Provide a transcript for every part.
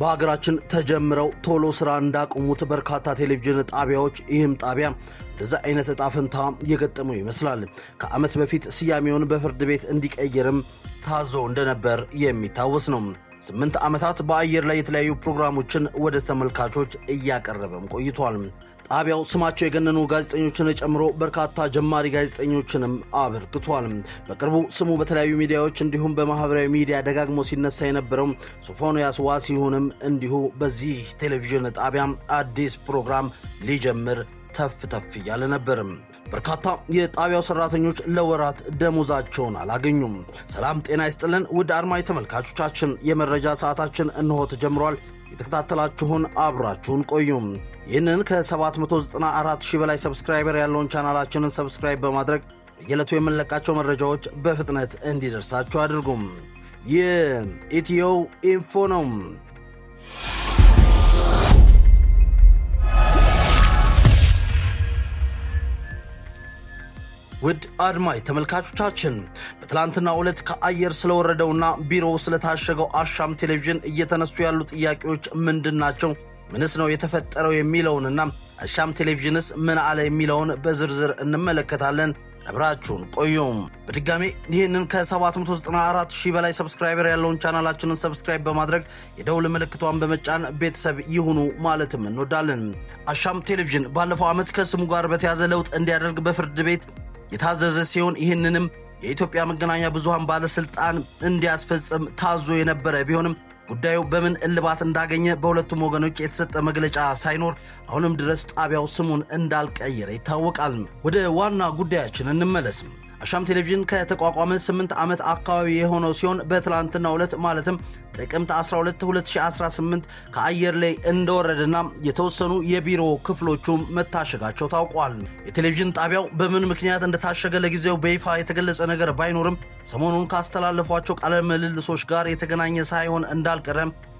በሀገራችን ተጀምረው ቶሎ ስራ እንዳቆሙት በርካታ ቴሌቪዥን ጣቢያዎች ይህም ጣቢያ እንደዛ አይነት እጣ ፈንታ የገጠመው ይመስላል። ከዓመት በፊት ስያሜውን በፍርድ ቤት እንዲቀይርም ታዞ እንደነበር የሚታወስ ነው። ስምንት ዓመታት በአየር ላይ የተለያዩ ፕሮግራሞችን ወደ ተመልካቾች እያቀረበም ቆይቷል። ጣቢያው ስማቸው የገነኑ ጋዜጠኞችን ጨምሮ በርካታ ጀማሪ ጋዜጠኞችንም አበርክቷል። በቅርቡ ስሙ በተለያዩ ሚዲያዎች እንዲሁም በማህበራዊ ሚዲያ ደጋግሞ ሲነሳ የነበረው ሶፎንያስ ሲሆንም እንዲሁ በዚህ ቴሌቪዥን ጣቢያ አዲስ ፕሮግራም ሊጀምር ተፍ ተፍ እያለ ነበርም። በርካታ የጣቢያው ሰራተኞች ለወራት ደሞዛቸውን አላገኙም። ሰላም ጤና ይስጥልን ውድ አድማጭ ተመልካቾቻችን፣ የመረጃ ሰዓታችን እንሆ ተጀምሯል። የተከታተላችሁን አብራችሁን ቆዩም። ይህንን ከ794 ሺህ በላይ ሰብስክራይበር ያለውን ቻናላችንን ሰብስክራይብ በማድረግ በየዕለቱ የምንለቃቸው መረጃዎች በፍጥነት እንዲደርሳችሁ አድርጉም። ይህ ኢትዮ ኢንፎ ነው። ውድ አድማጭ ተመልካቾቻችን በትላንትናው ዕለት ከአየር ስለወረደውና ቢሮ ስለታሸገው አሻም ቴሌቪዥን እየተነሱ ያሉ ጥያቄዎች ምንድን ናቸው? ምንስ ነው የተፈጠረው የሚለውንና አሻም ቴሌቪዥንስ ምን አለ የሚለውን በዝርዝር እንመለከታለን። አብራችሁን ቆዩም። በድጋሜ ይህንን ከ794 ሺህ በላይ ሰብስክራይበር ያለውን ቻናላችንን ሰብስክራይብ በማድረግ የደውል ምልክቷን በመጫን ቤተሰብ ይሁኑ ማለትም እንወዳለን። አሻም ቴሌቪዥን ባለፈው ዓመት ከስሙ ጋር በተያዘ ለውጥ እንዲያደርግ በፍርድ ቤት የታዘዘ ሲሆን ይህንንም የኢትዮጵያ መገናኛ ብዙሃን ባለስልጣን እንዲያስፈጽም ታዞ የነበረ ቢሆንም ጉዳዩ በምን እልባት እንዳገኘ በሁለቱም ወገኖች የተሰጠ መግለጫ ሳይኖር አሁንም ድረስ ጣቢያው ስሙን እንዳልቀየረ ይታወቃል። ወደ ዋና ጉዳያችን እንመለስም። አሻም ቴሌቪዥን ከተቋቋመ 8 ዓመት አካባቢ የሆነው ሲሆን በትላንትና ዕለት ማለትም ጥቅምት 12 2018 ከአየር ላይ እንደወረደና የተወሰኑ የቢሮ ክፍሎቹ መታሸጋቸው ታውቋል። የቴሌቪዥን ጣቢያው በምን ምክንያት እንደታሸገ ለጊዜው በይፋ የተገለጸ ነገር ባይኖርም ሰሞኑን ካስተላለፏቸው ቃለ ምልልሶች ጋር የተገናኘ ሳይሆን እንዳልቀረ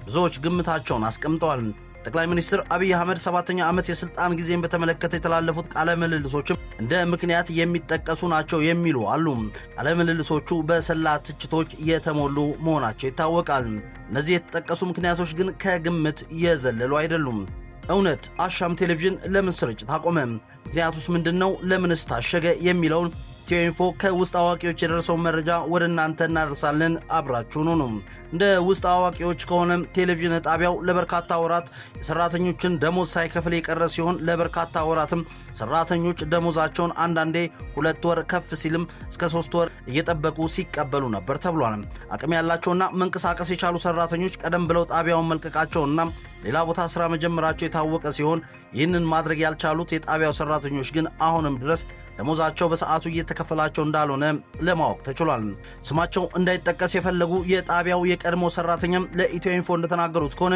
ብዙዎች ግምታቸውን አስቀምጠዋል። ጠቅላይ ሚኒስትር አብይ አህመድ ሰባተኛ ዓመት የስልጣን ጊዜን በተመለከተ የተላለፉት ቃለ ምልልሶችም እንደ ምክንያት የሚጠቀሱ ናቸው የሚሉ አሉ። ቃለ ምልልሶቹ በሰላ ትችቶች የተሞሉ መሆናቸው ይታወቃል። እነዚህ የተጠቀሱ ምክንያቶች ግን ከግምት የዘለሉ አይደሉም። እውነት አሻም ቴሌቪዥን ለምን ስርጭት አቆመ? ምክንያቱስ ምንድን ነው? ለምንስ ታሸገ? የሚለውን ኢንፎ ከውስጥ አዋቂዎች የደረሰውን መረጃ ወደ እናንተ እናደርሳለን። አብራችሁኑ ነው። እንደ ውስጥ አዋቂዎች ከሆነም ቴሌቪዥን ጣቢያው ለበርካታ ወራት የሰራተኞችን ደሞዝ ሳይከፍል የቀረ ሲሆን ለበርካታ ወራትም ሰራተኞች ደሞዛቸውን አንዳንዴ ሁለት ወር ከፍ ሲልም እስከ ሶስት ወር እየጠበቁ ሲቀበሉ ነበር ተብሏል። አቅም ያላቸውና መንቀሳቀስ የቻሉ ሰራተኞች ቀደም ብለው ጣቢያውን መልቀቃቸውና ሌላ ቦታ ስራ መጀመራቸው የታወቀ ሲሆን ይህንን ማድረግ ያልቻሉት የጣቢያው ሰራተኞች ግን አሁንም ድረስ ደሞዛቸው በሰዓቱ እየተከፈላቸው እንዳልሆነ ለማወቅ ተችሏል። ስማቸው እንዳይጠቀስ የፈለጉ የጣቢያው የቀድሞ ሰራተኛም ለኢትዮ ኢንፎ እንደተናገሩት ከሆነ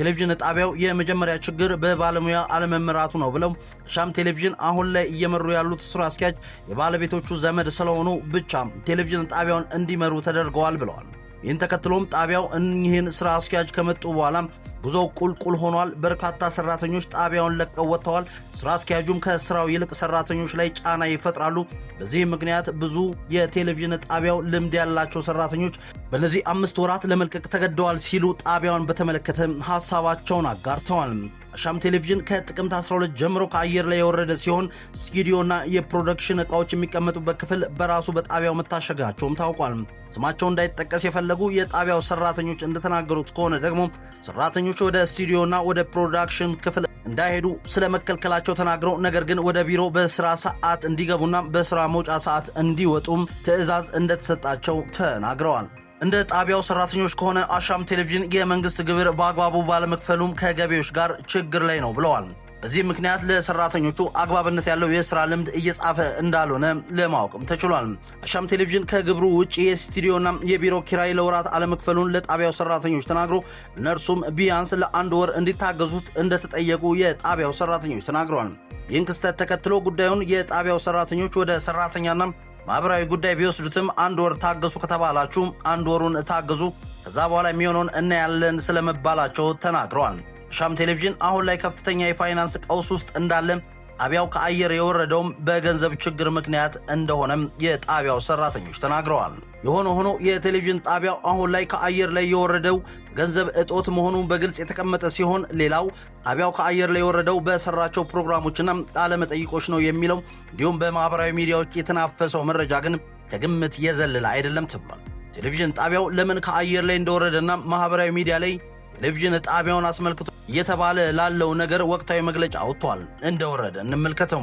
ቴሌቪዥን ጣቢያው የመጀመሪያ ችግር በባለሙያ አለመመራቱ ነው ብለው ሻም ቴሌቪዥን አሁን ላይ እየመሩ ያሉት ስራ አስኪያጅ የባለቤቶቹ ዘመድ ስለሆኑ ብቻ ቴሌቪዥን ጣቢያውን እንዲመሩ ተደርገዋል ብለዋል። ይህን ተከትሎም ጣቢያው እኒህን ስራ አስኪያጅ ከመጡ በኋላ ጉዞው ቁልቁል ሆኗል። በርካታ ሰራተኞች ጣቢያውን ለቀው ወጥተዋል። ስራ አስኪያጁም ከስራው ይልቅ ሰራተኞች ላይ ጫና ይፈጥራሉ። በዚህ ምክንያት ብዙ የቴሌቪዥን ጣቢያው ልምድ ያላቸው ሰራተኞች በእነዚህ አምስት ወራት ለመልቀቅ ተገደዋል ሲሉ ጣቢያውን በተመለከተ ሀሳባቸውን አጋርተዋል። ሻም ቴሌቪዥን ከጥቅምት 12 ጀምሮ ከአየር ላይ የወረደ ሲሆን ስቱዲዮና የፕሮዳክሽን እቃዎች የሚቀመጡበት ክፍል በራሱ በጣቢያው መታሸጋቸውም ታውቋል። ስማቸው እንዳይጠቀስ የፈለጉ የጣቢያው ሰራተኞች እንደተናገሩት ከሆነ ደግሞ ሰራተኞች ወደ ስቱዲዮና ወደ ፕሮዳክሽን ክፍል እንዳይሄዱ ስለመከልከላቸው ተናግረው ነገር ግን ወደ ቢሮ በስራ ሰዓት እንዲገቡና በስራ መውጫ ሰዓት እንዲወጡም ትዕዛዝ እንደተሰጣቸው ተናግረዋል። እንደ ጣቢያው ሰራተኞች ከሆነ አሻም ቴሌቪዥን የመንግስት ግብር በአግባቡ ባለመክፈሉም ከገቢዎች ጋር ችግር ላይ ነው ብለዋል። በዚህ ምክንያት ለሰራተኞቹ አግባብነት ያለው የስራ ልምድ እየጻፈ እንዳልሆነ ለማወቅም ተችሏል። አሻም ቴሌቪዥን ከግብሩ ውጭ የስቱዲዮና የቢሮ ኪራይ ለወራት አለመክፈሉን ለጣቢያው ሰራተኞች ተናግሮ እነርሱም ቢያንስ ለአንድ ወር እንዲታገዙት እንደተጠየቁ የጣቢያው ሰራተኞች ተናግረዋል። ይህን ክስተት ተከትሎ ጉዳዩን የጣቢያው ሰራተኞች ወደ ሰራተኛና ማህበራዊ ጉዳይ ቢወስዱትም አንድ ወር ታገሱ ከተባላችሁ አንድ ወሩን ታገዙ፣ ከዛ በኋላ የሚሆነውን እናያለን ስለመባላቸው ተናግረዋል። ሻም ቴሌቪዥን አሁን ላይ ከፍተኛ የፋይናንስ ቀውስ ውስጥ እንዳለም። ጣቢያው ከአየር የወረደውም በገንዘብ ችግር ምክንያት እንደሆነም የጣቢያው ሰራተኞች ተናግረዋል። የሆነ ሆኖ የቴሌቪዥን ጣቢያው አሁን ላይ ከአየር ላይ የወረደው ገንዘብ እጦት መሆኑን በግልጽ የተቀመጠ ሲሆን ሌላው ጣቢያው ከአየር ላይ የወረደው በሰራቸው ፕሮግራሞችና ቃለመጠይቆች ነው የሚለው እንዲሁም በማኅበራዊ ሚዲያዎች የተናፈሰው መረጃ ግን ከግምት የዘለለ አይደለም ተብሏል። ቴሌቪዥን ጣቢያው ለምን ከአየር ላይ እንደወረደና ማኅበራዊ ሚዲያ ላይ ቴሌቪዥን ጣቢያውን አስመልክቶ እየተባለ ላለው ነገር ወቅታዊ መግለጫ አውጥቷል። እንደወረደ እንመልከተው።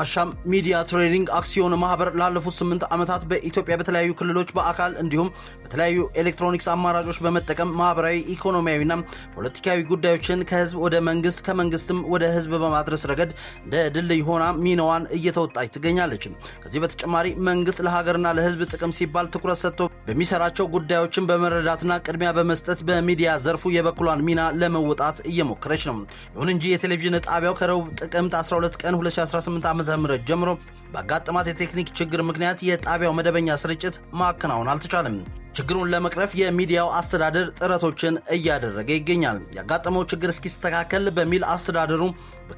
አሻም ሚዲያ ትሬዲንግ አክሲዮን ማህበር ላለፉት ስምንት ዓመታት በኢትዮጵያ በተለያዩ ክልሎች በአካል እንዲሁም በተለያዩ ኤሌክትሮኒክስ አማራጮች በመጠቀም ማህበራዊ፣ ኢኮኖሚያዊና ፖለቲካዊ ጉዳዮችን ከህዝብ ወደ መንግስት ከመንግስትም ወደ ህዝብ በማድረስ ረገድ እንደ ድልድይ ሆና ሚናዋን እየተወጣች ትገኛለች። ከዚህ በተጨማሪ መንግስት ለሀገርና ለህዝብ ጥቅም ሲባል ትኩረት ሰጥቶ በሚሰራቸው ጉዳዮችን በመረዳትና ቅድሚያ በመስጠት በሚዲያ ዘርፉ የበኩሏን ሚና ለመወጣት እየሞከረች ነው። ይሁን እንጂ የቴሌቪዥን ጣቢያው ከረቡዕ ጥቅምት 12 ቀን 2018 ዓ.ም ጀምሮ በአጋጠማት የቴክኒክ ችግር ምክንያት የጣቢያው መደበኛ ስርጭት ማከናወን አልተቻለም። ችግሩን ለመቅረፍ የሚዲያው አስተዳደር ጥረቶችን እያደረገ ይገኛል። ያጋጠመው ችግር እስኪስተካከል በሚል አስተዳደሩ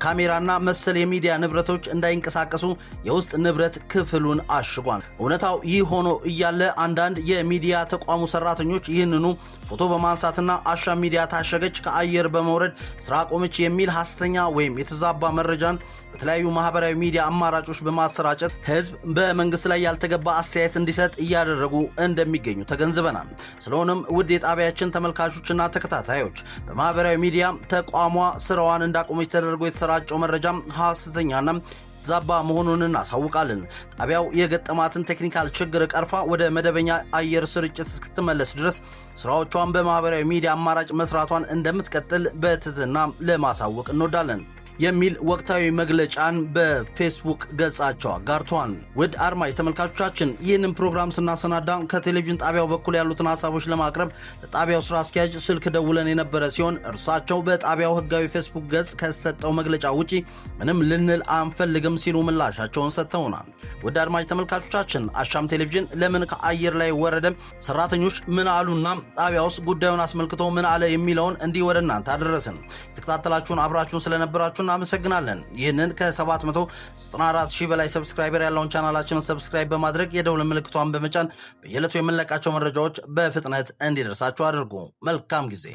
ካሜራና መሰል የሚዲያ ንብረቶች እንዳይንቀሳቀሱ የውስጥ ንብረት ክፍሉን አሽጓል። እውነታው ይህ ሆኖ እያለ አንዳንድ የሚዲያ ተቋሙ ሰራተኞች ይህንኑ ፎቶ በማንሳትና አሻ ሚዲያ ታሸገች፣ ከአየር በመውረድ ስራ ቆመች የሚል ሐሰተኛ ወይም የተዛባ መረጃን በተለያዩ ማህበራዊ ሚዲያ አማራጮች በማሰራጨት ህዝብ በመንግስት ላይ ያልተገባ አስተያየት እንዲሰጥ እያደረጉ እንደሚገኙ ተገንዝበናል። ስለሆነም ውድ የጣቢያችን ተመልካቾችና ተከታታዮች በማህበራዊ ሚዲያ ተቋሟ ስራዋን እንዳቆመች ተደርጎ የተሰራጨው መረጃ ሐሰተኛና ዛባ መሆኑን እናሳውቃለን። ጣቢያው የገጠማትን ቴክኒካል ችግር ቀርፋ ወደ መደበኛ አየር ስርጭት እስክትመለስ ድረስ ስራዎቿን በማህበራዊ ሚዲያ አማራጭ መስራቷን እንደምትቀጥል በትህትና ለማሳወቅ እንወዳለን። የሚል ወቅታዊ መግለጫን በፌስቡክ ገጻቸው አጋርተዋል። ውድ አድማጭ ተመልካቾቻችን ይህንን ፕሮግራም ስናሰናዳ ከቴሌቪዥን ጣቢያው በኩል ያሉትን ሀሳቦች ለማቅረብ ለጣቢያው ስራ አስኪያጅ ስልክ ደውለን የነበረ ሲሆን እርሳቸው በጣቢያው ህጋዊ ፌስቡክ ገጽ ከሰጠው መግለጫ ውጪ ምንም ልንል አንፈልግም ሲሉ ምላሻቸውን ሰጥተውናል። ውድ አድማጭ ተመልካቾቻችን አሻም ቴሌቪዥን ለምን ከአየር ላይ ወረደ፣ ሰራተኞች ምን አሉና ጣቢያ ውስጥ ጉዳዩን አስመልክቶ ምን አለ የሚለውን እንዲህ ወደ እናንተ አደረስን። የተከታተላችሁን አብራችሁን ስለነበራችሁ እናመሰግናለን። ይህንን ከ794 ሺህ በላይ ሰብስክራይበር ያለውን ቻናላችንን ሰብስክራይብ በማድረግ የደውል ምልክቷን በመጫን በየዕለቱ የምንለቃቸው መረጃዎች በፍጥነት እንዲደርሳችሁ አድርጉ። መልካም ጊዜ